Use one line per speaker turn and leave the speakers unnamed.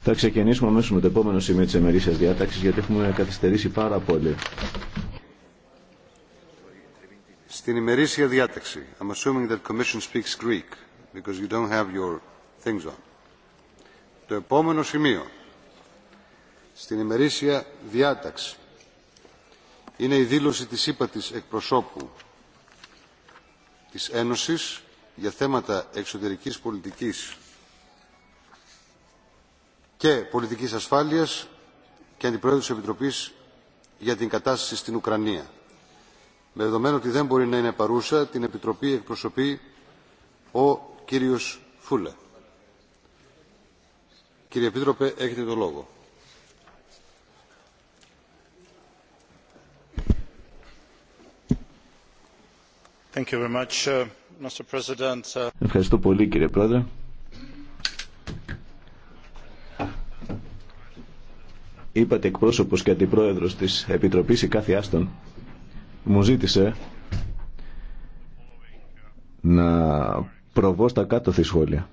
Θα ξεκινήσουμε αμέσως με το επόμενο σημείο της εμερήσιας διάταξης γιατί έχουμε καθυστερήσει πάρα πολύ.
Στην ημερήσια διάταξη, I'm assuming that the Commission speaks Greek because you don't have your things on. Το επόμενο σημείο στην ημερήσια διάταξη είναι η δήλωση της ύπατης εκπροσώπου της Ένωσης για θέματα εξωτερικής πολιτικής και πολιτικής ασφάλειας και Αντιπρόεδρος της Επιτροπής για την κατάσταση στην Ουκρανία. Με δεδομένο ότι δεν μπορεί να είναι παρούσα, την Επιτροπή εκπροσωπεί ο κύριος Φούλε. Κύριε Επίτροπε, έχετε το λόγο.
Thank you uh, Uh,
Ευχαριστώ πολύ κύριε Πρόεδρε. Είπατε εκπρόσωπος και αντιπρόεδρος της Επιτροπής η κάθε άστον μου ζήτησε να προβώ στα κάτω τη σχόλια.